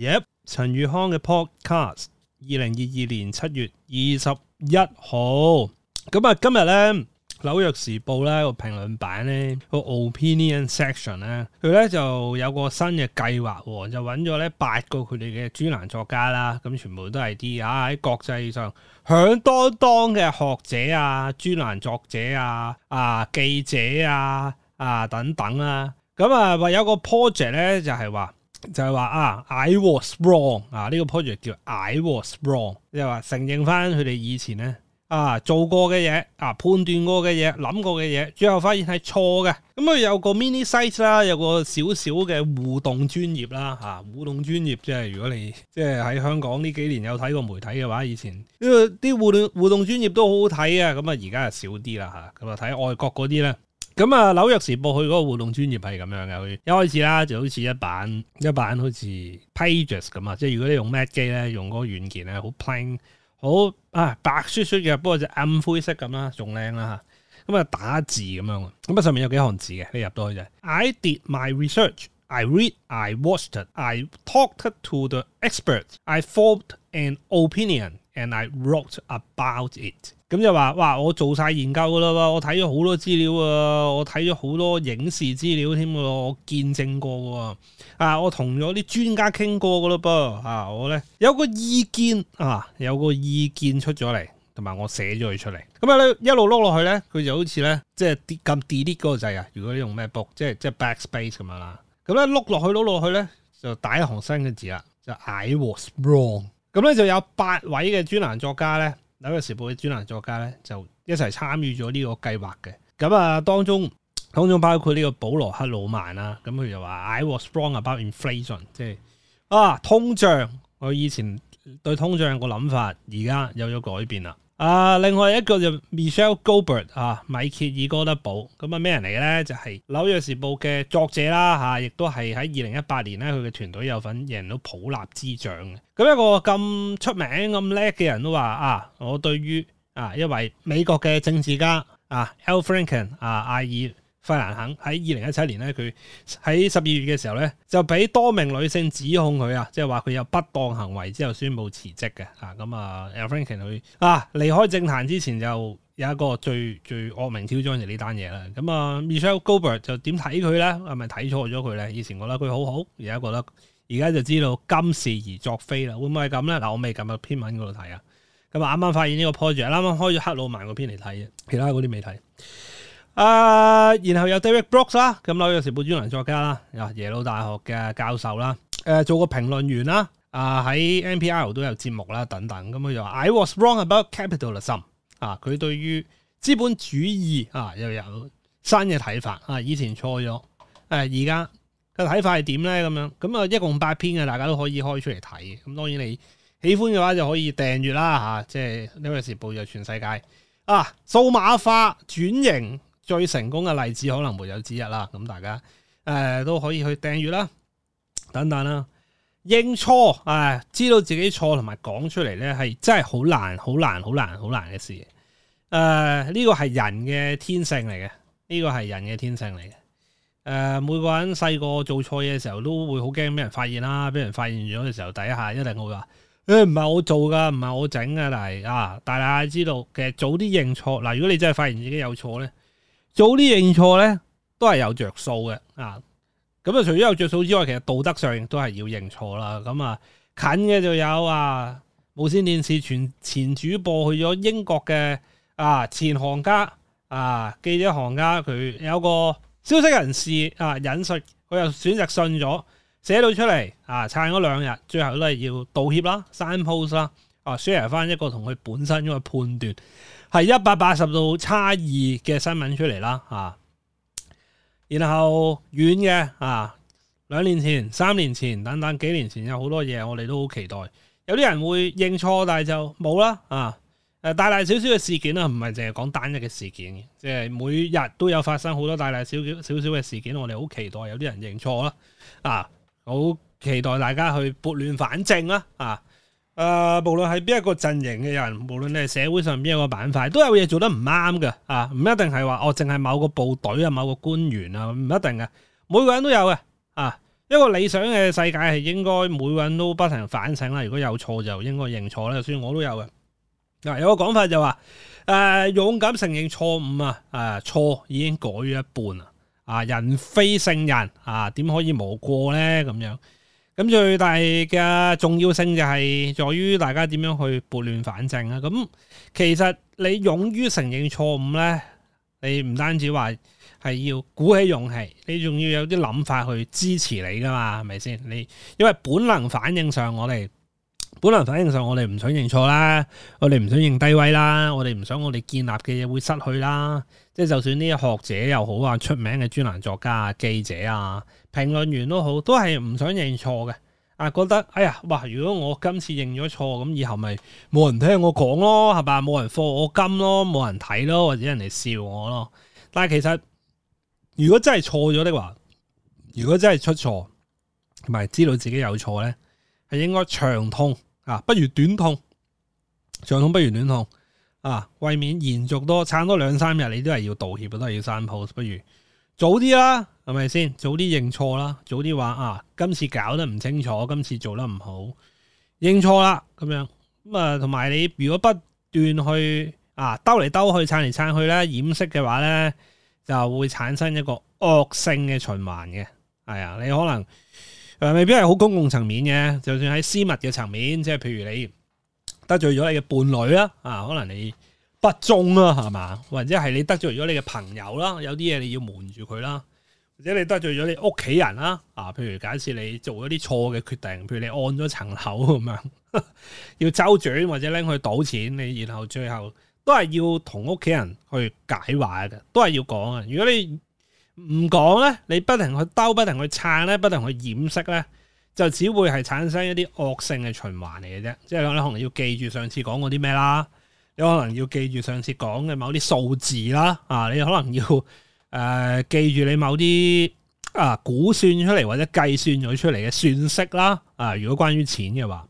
Yep，陳宇康嘅 podcast，二零二二年七月二十一號，咁啊，今日咧《紐約時報》咧個評論版咧個 opinion section 咧，佢咧就有個新嘅計劃，就揾咗咧八個佢哋嘅專欄作家啦，咁全部都係啲啊喺國際上響當當嘅學者啊、專欄作者啊、啊記者啊、啊等等啦，咁啊，話有個 project 咧就係話。就係話啊，I was wrong 啊，呢、這個 project 叫 I was wrong，即係話承認翻佢哋以前咧啊做過嘅嘢啊判斷過嘅嘢、諗過嘅嘢，最後發現係錯嘅。咁佢有個 mini site 啦，有個少少嘅互動專業啦嚇、啊，互動專業即係如果你即係喺香港呢幾年有睇過媒體嘅話，以前呢個啲互動互動專業都好好睇啊。咁啊，而家啊少啲啦嚇。咁啊，睇外國嗰啲咧。咁啊，紐約時報佢嗰個互動專業係咁樣嘅，佢一開始啦就好似一版一版好似 Pages 咁啊，即係如果你用 Mac 機咧，用嗰個軟件咧，plank，好 plain 好啊，白雪雪嘅，不過就暗灰色咁啦，仲靚啦嚇。咁、嗯、啊打字咁樣，咁啊上面有幾行字嘅，你入到去就，I did my research, I read, I watched,、it. I talked to the experts, I formed an opinion。And I wrote about it、嗯。咁就話，哇！我做晒研究噶啦噃，我睇咗好多資料啊，我睇咗好多影視資料添啊，我見證過啊，我同咗啲專家傾過噶啦噃啊，我咧有個意見啊，有個意見出咗嚟，同埋我寫咗佢出嚟。咁啊咧一路碌落去咧，佢就好似咧即係撳 delete 嗰個掣啊。如果你用 MacBook，即係即係 backspace 咁樣啦。咁咧碌落去碌落去咧，就打一行新嘅字啦，就 I was wrong。咁咧、嗯、就有八位嘅專欄作家咧，《紐約時報》嘅專欄作家咧，就一齊參與咗呢個計劃嘅。咁、嗯、啊，當中當中包括呢個保羅克魯曼啦。咁佢就話：I was wrong about inflation，即係啊，通脹我以前對通脹個諗法而家有咗改變啦。啊，另外一個就 Michelle Goldberg 啊，米歇爾哥德堡，咁啊，咩人嚟嘅咧？就係、是、紐約時報嘅作者啦嚇，亦都係喺二零一八年咧，佢嘅團隊有份贏到普立茲獎嘅。咁、啊、一個咁出名、咁叻嘅人都話啊，我對於啊，一位美國嘅政治家啊 Al Franken 啊，阿爾費蘭肯喺二零一七年咧，佢喺十二月嘅時候咧，就俾多名女性指控佢啊，即係話佢有不當行為，之後宣布辭職嘅。嚇咁啊 Al Franken 佢啊，啊離開政壇之前，就有一個最最惡名昭彰就，、啊、就呢單嘢啦。咁啊，Michelle Goldberg 就點睇佢咧？係咪睇錯咗佢咧？以前覺得佢好好，而家覺得而家就知道今時而作非啦。會唔會係咁咧？嗱、啊，我未撳入篇文嗰度睇啊。咁啊，啱啱發現呢個 project，啱啱開咗克魯曼個篇嚟睇啫，其他嗰啲未睇。啊，uh, 然後有 David Brooks 啦，咁紐約時報專欄作家啦，啊耶魯大學嘅教授啦，誒、呃、做過評論員啦，啊、呃、喺 NPR 都有節目啦等等，咁、嗯、佢就話 I was wrong about capitalism，啊佢對於資本主義啊又有新嘅睇法，啊以前錯咗，誒而家個睇法係點咧咁樣，咁、嗯、啊一共八篇嘅，大家都可以開出嚟睇，咁、嗯、當然你喜歡嘅話就可以訂閱啦吓、啊，即係紐約時報就全世界，啊數碼化轉型。最成功嘅例子可能沒有之一啦，咁大家誒、呃、都可以去訂閱啦，等等啦，認錯誒、呃，知道自己錯同埋講出嚟咧，係真係好難，好難，好難，好難嘅事。誒、呃，呢、這個係人嘅天性嚟嘅，呢、這個係人嘅天性嚟嘅。誒、呃，每個人細個做錯嘢嘅時候都會好驚俾人發現啦，俾人發現咗嘅時候，第一下一定會話誒，唔、哎、係我做噶，唔係我整噶，但係啊，大大家知道其實，早啲認錯。嗱、呃，如果你真係發現自己有錯咧。早啲認錯咧，都係有着數嘅啊！咁啊，除咗有着數之外，其實道德上亦都係要認錯啦。咁啊，近嘅就有啊，無綫電視前前主播去咗英國嘅啊前行家啊記者行家，佢有個消息人士啊引述，佢又選擇信咗，寫到出嚟啊，撐咗兩日，最後都係要道歉啦，刪 post 啦，啊，share 翻一個同佢本身嗰個判斷。係一百八十度差異嘅新聞出嚟啦，啊，然後遠嘅啊，兩年前、三年前等等幾年前有好多嘢，我哋都好期待。有啲人會認錯，但係就冇啦，啊，誒、呃，大大小小嘅事件啦，唔係淨係講單一嘅事件，即係每日都有發生好多大大小小小小嘅事件，我哋好期待有啲人認錯啦，啊，好期待大家去撥亂反正啦，啊。誒、呃，無論係邊一個陣營嘅人，無論你係社會上邊一個板塊，都有嘢做得唔啱嘅啊，唔一定係話我淨係某個部隊啊、某個官員啊，唔一定嘅，每個人都有嘅啊。一個理想嘅世界係應該每個人都不停反省啦，如果有錯就應該認錯咧，所以我都有嘅。嗱、啊，有個講法就話，誒、呃，勇敢承認錯誤啊，誒，錯已經改咗一半啦，啊，人非聖人啊，點可以無過呢？咁樣。咁最大嘅重要性就係在於大家點樣去撥亂反正啊。咁其實你勇於承認錯誤咧，你唔單止話係要鼓起勇氣，你仲要有啲諗法去支持你噶嘛，係咪先？你因為本能反應上我，我哋本能反應上我，我哋唔想認錯啦，我哋唔想認低威啦，我哋唔想我哋建立嘅嘢會失去啦。即係就算呢啲學者又好啊，出名嘅專欄作家、啊記者啊。評論員都好，都係唔想認錯嘅。啊，覺得哎呀，哇！如果我今次認咗錯，咁以後咪冇人聽我講咯，係嘛？冇人課我金咯，冇人睇咯，或者人哋笑我咯。但係其實如果真係錯咗的話，如果真係出錯，同埋知道自己有錯咧，係應該長痛啊，不如短痛。長痛不如短痛啊，為免延續多撐多兩三日，你都係要道歉，都係要刪 post，不如早啲啦。係咪先？早啲認錯啦，早啲話啊，今次搞得唔清楚，今次做得唔好，認錯啦咁樣咁啊，同埋你如果不斷去啊兜嚟兜去，撐嚟撐去咧，掩飾嘅話咧，就會產生一個惡性嘅循環嘅。係啊，你可能誒，能未必係好公共層面嘅，就算喺私密嘅層面，即係譬如你得罪咗你嘅伴侶啦，啊，可能你不忠啦，係嘛，或者係你得罪咗你嘅朋友啦，有啲嘢你要瞞住佢啦。或者你得罪咗你屋企人啦，啊，譬如假設你做咗啲錯嘅決定，譬如你按咗層樓咁樣呵呵，要周轉或者拎去賭錢，你然後最後都係要同屋企人去解話嘅，都係要講啊。如果你唔講咧，你不停去兜，不停去撐咧，不停去掩飾咧，就只會係產生一啲惡性嘅循環嚟嘅啫。即係你可能要記住上次講嗰啲咩啦，你可能要記住上次講嘅某啲數字啦，啊，你可能要。誒、呃，記住你某啲啊估算出嚟或者計算咗出嚟嘅算式啦，啊，如果關於錢嘅話，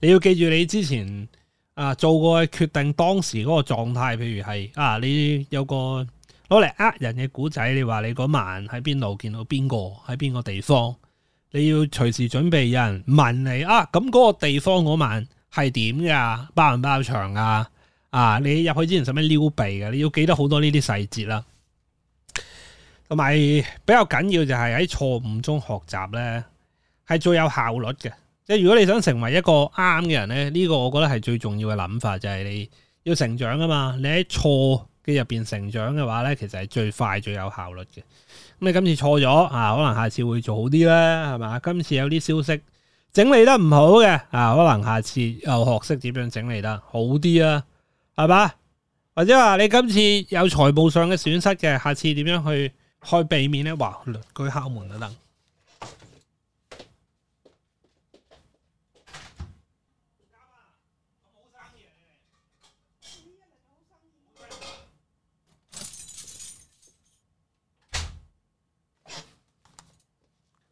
你要記住你之前啊做過決定當時嗰個狀態，譬如係啊，你有個攞嚟呃人嘅古仔，你話你嗰晚喺邊度見到邊個喺邊個地方，你要隨時準備有人問你啊，咁、嗯、嗰、那個地方嗰晚係點噶，包唔包場噶、啊，啊，你入去之前使唔使撩鼻噶，你要記得好多呢啲細節啦。同埋比較緊要就係喺錯誤中學習呢，係最有效率嘅。即係如果你想成為一個啱嘅人呢呢，呢個，我覺得係最重要嘅諗法，就係、是、你要成長啊嘛。你喺錯嘅入邊成長嘅話呢，其實係最快最有效率嘅。咁你今次錯咗啊，可能下次會做好啲啦，係嘛？今次有啲消息整理得唔好嘅啊，可能下次又學識點樣整理得好啲啦，啊，係嘛？或者話你今次有財務上嘅損失嘅，下次點樣去？去避免咧，話鄰居敲門等等。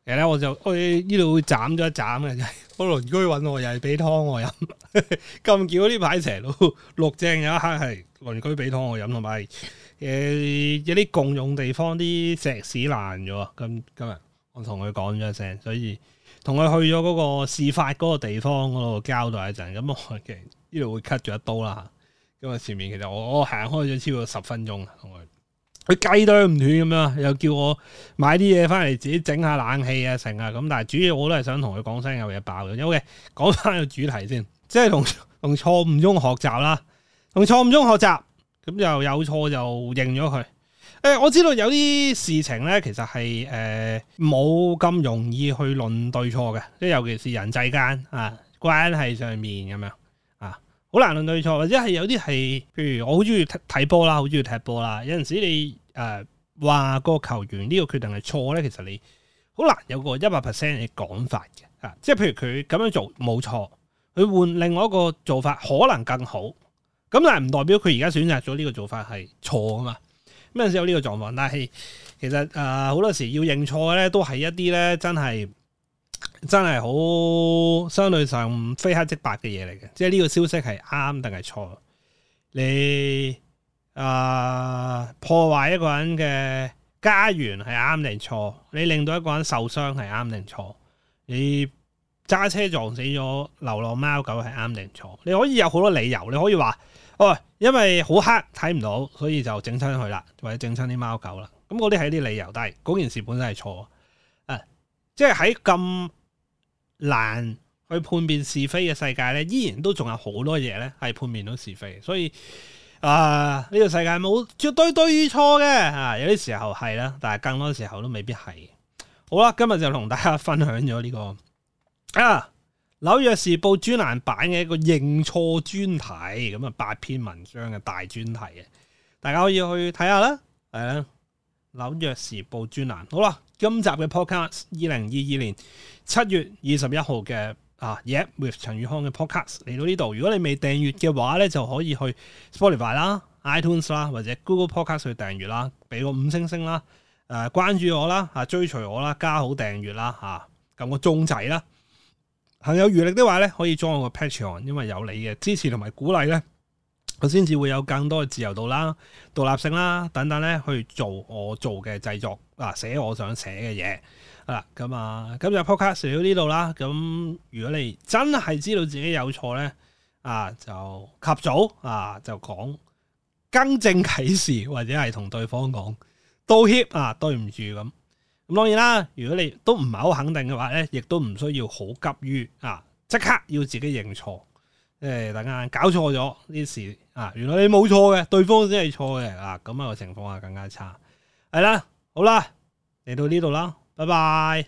其實 我就去呢度斬咗一斬嘅， 我鄰居揾我又係俾湯我飲，咁巧啲呢排成六正有一刻係鄰居俾湯我飲同埋。誒，有啲共用地方啲石屎爛咗，咁今日我同佢講咗一聲，所以同佢去咗嗰個事發嗰個地方嗰度交代一陣。咁我呢度會 cut 咗一刀啦，因為前面其實我我行開咗超過十分鐘，同佢佢雞都唔斷咁樣，又叫我買啲嘢翻嚟自己整下冷氣啊，成啊。咁但係主要我都係想同佢講聲有嘢爆嘅。OK，講翻個主題先，即係同同錯誤中學習啦，同錯誤中學習。咁就有錯就認咗佢。誒、欸，我知道有啲事情咧，其實係誒冇咁容易去論對錯嘅，即係尤其是人際間啊關係上面咁樣啊，好難論對錯，或者係有啲係，譬如我好中意睇睇波啦，好中意踢波啦。有陣時你誒話個球員呢個決定係錯咧，其實你好難有一個一百 percent 嘅講法嘅。啊，即係譬如佢咁樣做冇錯，佢換另外一個做法可能更好。咁但係唔代表佢而家選擇咗呢個做法係錯啊嘛，咩時候有呢個狀況？但係其實誒好多時要認錯咧，都係一啲咧真係真係好相對上非黑即白嘅嘢嚟嘅，即係呢個消息係啱定係錯？你誒破壞一個人嘅家園係啱定錯？你令到一個人受傷係啱定錯？你揸車撞死咗流浪貓狗係啱定錯？你可以有好多理由，你可以話。喂、哦，因為好黑睇唔到，所以就整親佢啦，或者整親啲貓狗啦。咁嗰啲係啲理由，但係嗰件事本身係錯啊！即係喺咁難去判辨是非嘅世界呢，依然都仲有好多嘢呢係判辨到是非。所以啊，呢個世界冇絕對對與錯嘅啊，有啲時候係啦，但係更多時候都未必係。好啦，今日就同大家分享咗呢個啊。紐約時報專欄版嘅一個認錯專題，咁啊八篇文章嘅大專題啊，大家可以去睇下啦。係啦，紐約時報專欄好啦。今集嘅 Podcast 二零二二年七月二十一號嘅啊，Yeah with 陳宇康嘅 Podcast，嚟到呢度。如果你未訂閱嘅話咧，就可以去 Spotify 啦，啊、iTunes 啦，或者 Google Podcast 去訂閱啦，俾個五星星啦，誒、啊、關注我啦，啊追隨我啦，加好訂閱啦，吓、啊、撳個鐘仔啦。行有餘力的話咧，可以裝我個 Patreon，因為有你嘅支持同埋鼓勵咧，我先至會有更多嘅自由度啦、獨立性啦等等咧，去做我做嘅製作啊，寫我想寫嘅嘢啊，咁啊，今日 Podcast 到呢度啦。咁如果你真係知道自己有錯咧，啊就及早啊就講更正啟事，或者係同對方講道歉啊，對唔住咁。啊咁當然啦，如果你都唔係好肯定嘅話咧，亦都唔需要好急於啊，即刻要自己認錯誒、哎，等下搞錯咗呢事啊，原來你冇錯嘅，對方先係錯嘅嗱，咁啊樣個情況啊更加差，係啦，好啦，嚟到呢度啦，拜拜。